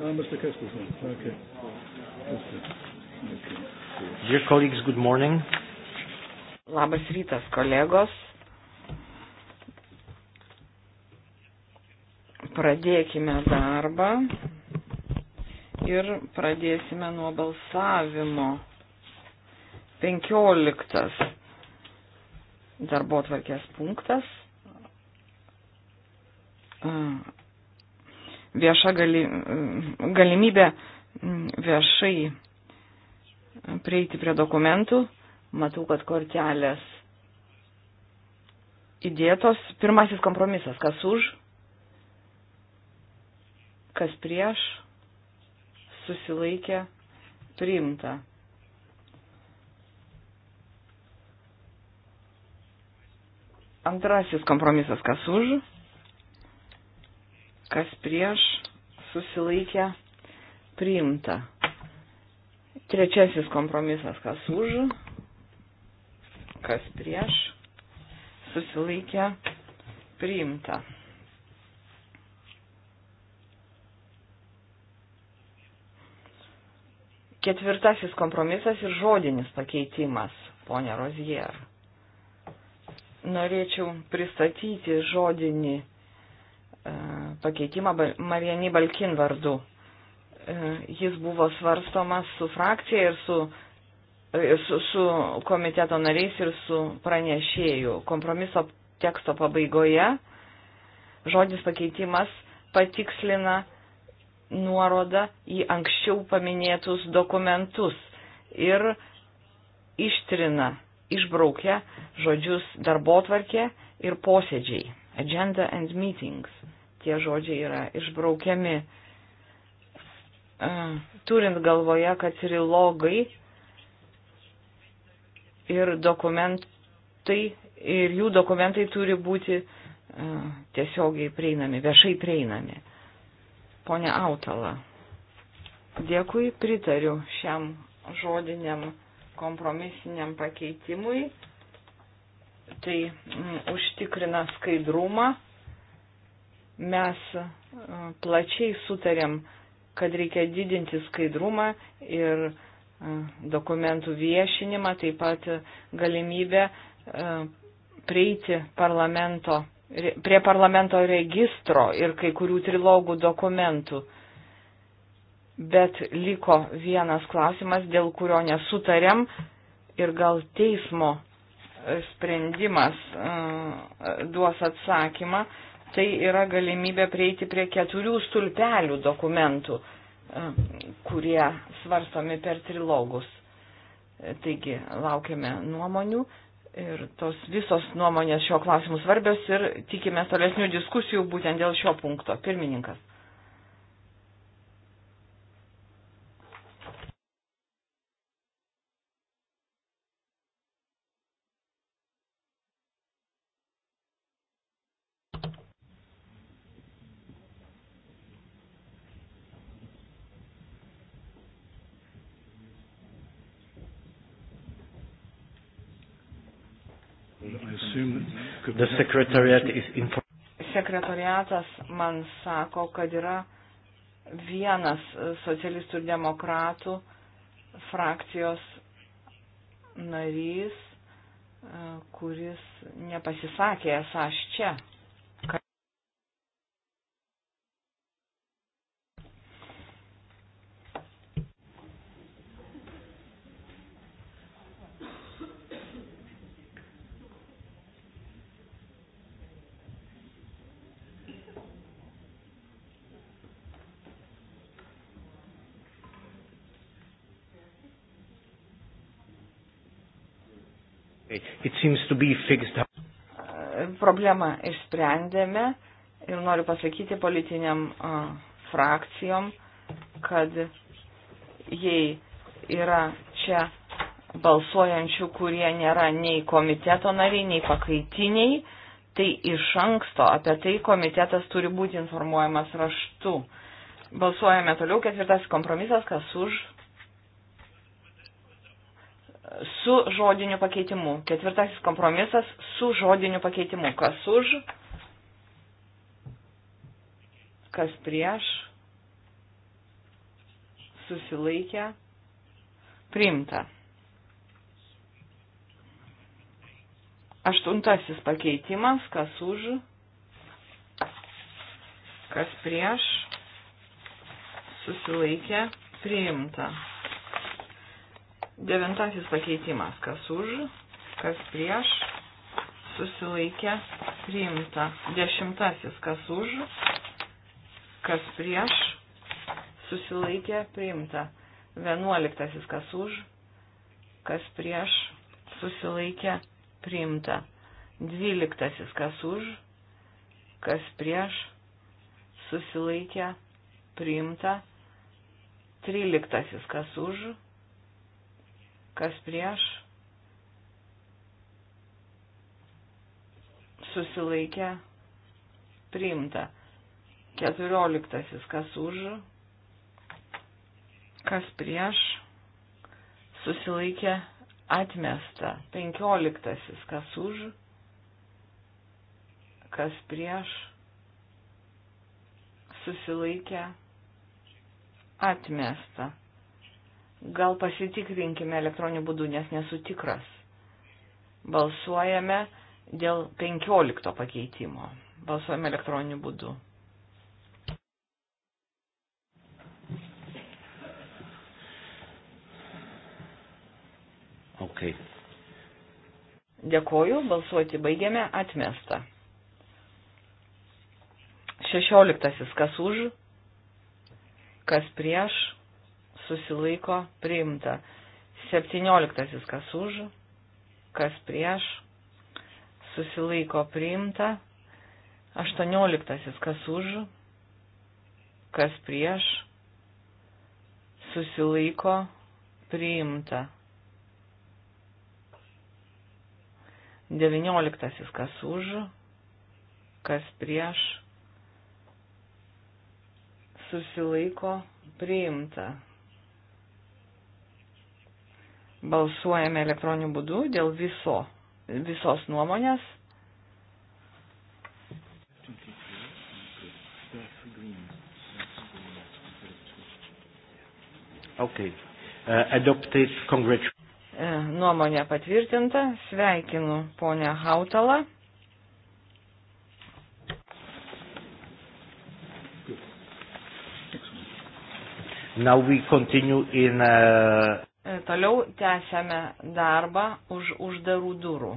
Oh, uh, Mr. Christensen. Okay. okay. Dear colleagues, good morning. Labas rytas, kolegos. Pradėkime darbą ir pradėsime nuo balsavimo. 15 darbo tvarkės punktas uh, vieša gali, mm, galimybė mm, viešai prieiti prie dokumentų. Matau, kad kortelės įdėtos. Pirmasis kompromisas. Kas už? Kas prieš? Susilaikė. Priimta. Antrasis kompromisas. Kas už? kas prieš, susilaikė, priimta. Trečiasis kompromisas, kas už, kas prieš, susilaikė, priimta. Ketvirtasis kompromisas ir žodinis pakeitimas, ponė Rozier. Norėčiau pristatyti žodinį pakeitimas pakeitimą Marijanį Balkin vardu. E, jis buvo svarstomas su frakcija ir su, e, su, su komiteto nariais ir su pranešėju. Kompromiso teksto pabaigoje žodis pakeitimas patikslina nuorodą į anksčiau paminėtus dokumentus ir ištrina, išbraukia žodžius darbotvarkė ir posėdžiai, agenda and meetings tie žodžiai yra išbraukiami. Turint galvoje, kad trilogai ir dokumentai, ir jų dokumentai turi būti tiesiogiai prieinami, viešai prieinami. Pone Autala, dėkui, pritariu šiam žodiniam kompromisiniam pakeitimui. Tai m, mm, užtikrina skaidrumą Mes e, plačiai sutarėm, kad reikia didinti skaidrumą ir e, dokumentų viešinimą, taip pat galimybę e, prieiti parlamento, prie parlamento registro ir kai kurių trilogų dokumentų. Bet liko vienas klausimas, dėl kurio nesutarėm ir gal teismo sprendimas duos atsakymą tai yra galimybė prieiti prie keturių stulpelių dokumentų, e, kurie svarstomi per trilogus. E, taigi laukiame nuomonių ir tos visos nuomonės šio klausimu svarbios ir tikime tolesnių diskusijų būtent dėl šio punkto. Pirmininkas. Sekretariatas man sako, kad yra vienas socialistų ir demokratų frakcijos narys, kuris nepasisakė, esu aš čia. Problemą išsprendėme ir noriu pasakyti politiniam frakcijom, kad jei yra čia balsuojančių, kurie nėra nei komiteto nariai, nei pakaitiniai, tai iš anksto apie tai komitetas turi būti informuojamas raštu. Balsuojame toliau, ketvirtas kompromisas, kas už, su žodiniu pakeitimu. Ketvirtasis kompromisas su žodiniu pakeitimu. Kas už, kas prieš, susilaikę, priimta. Aštuntasis pakeitimas, kas už, kas prieš, susilaikę, priimta. Devintasis pakeitimas. Kas už, kas prieš, susilaikė, priimta. Dešimtasis. Kas už, kas prieš, susilaikė, priimta. Vienuoliktasis. Kas už, kas prieš, susilaikė, priimta. Dvyliktasis. Kas už, kas prieš, susilaikė, priimta. Tryliktasis. Kas už, kas prieš, susilaikė, priimta. Keturioliktasis, kas už, kas prieš, susilaikė, atmesta. Penkioliktasis, kas už, kas prieš, susilaikė, atmesta. Gal pasitikrinkime elektroniniu būdu, nes nesu tikras. Balsuojame dėl 15 pakeitimo. Balsuojame elektroniniu būdu. Okay. Dėkoju, balsuoti baigiame, atmesta. Šešioliktasis, kas už, kas prieš, susilaiko priimta. 17. Kas už, kas prieš, susilaiko priimta. 18. Kas už, kas prieš, susilaiko priimta. 19. Kas už, kas prieš, susilaiko priimta. Balsuojame elektroniniu būdu dėl viso, visos nuomonės. Okay. Uh, adopted. Congratulations. E, nuomonė patvirtinta. Sveikinu ponę Hautalą. Now we continue in uh... Toliau tęsiame darbą už uždarų durų.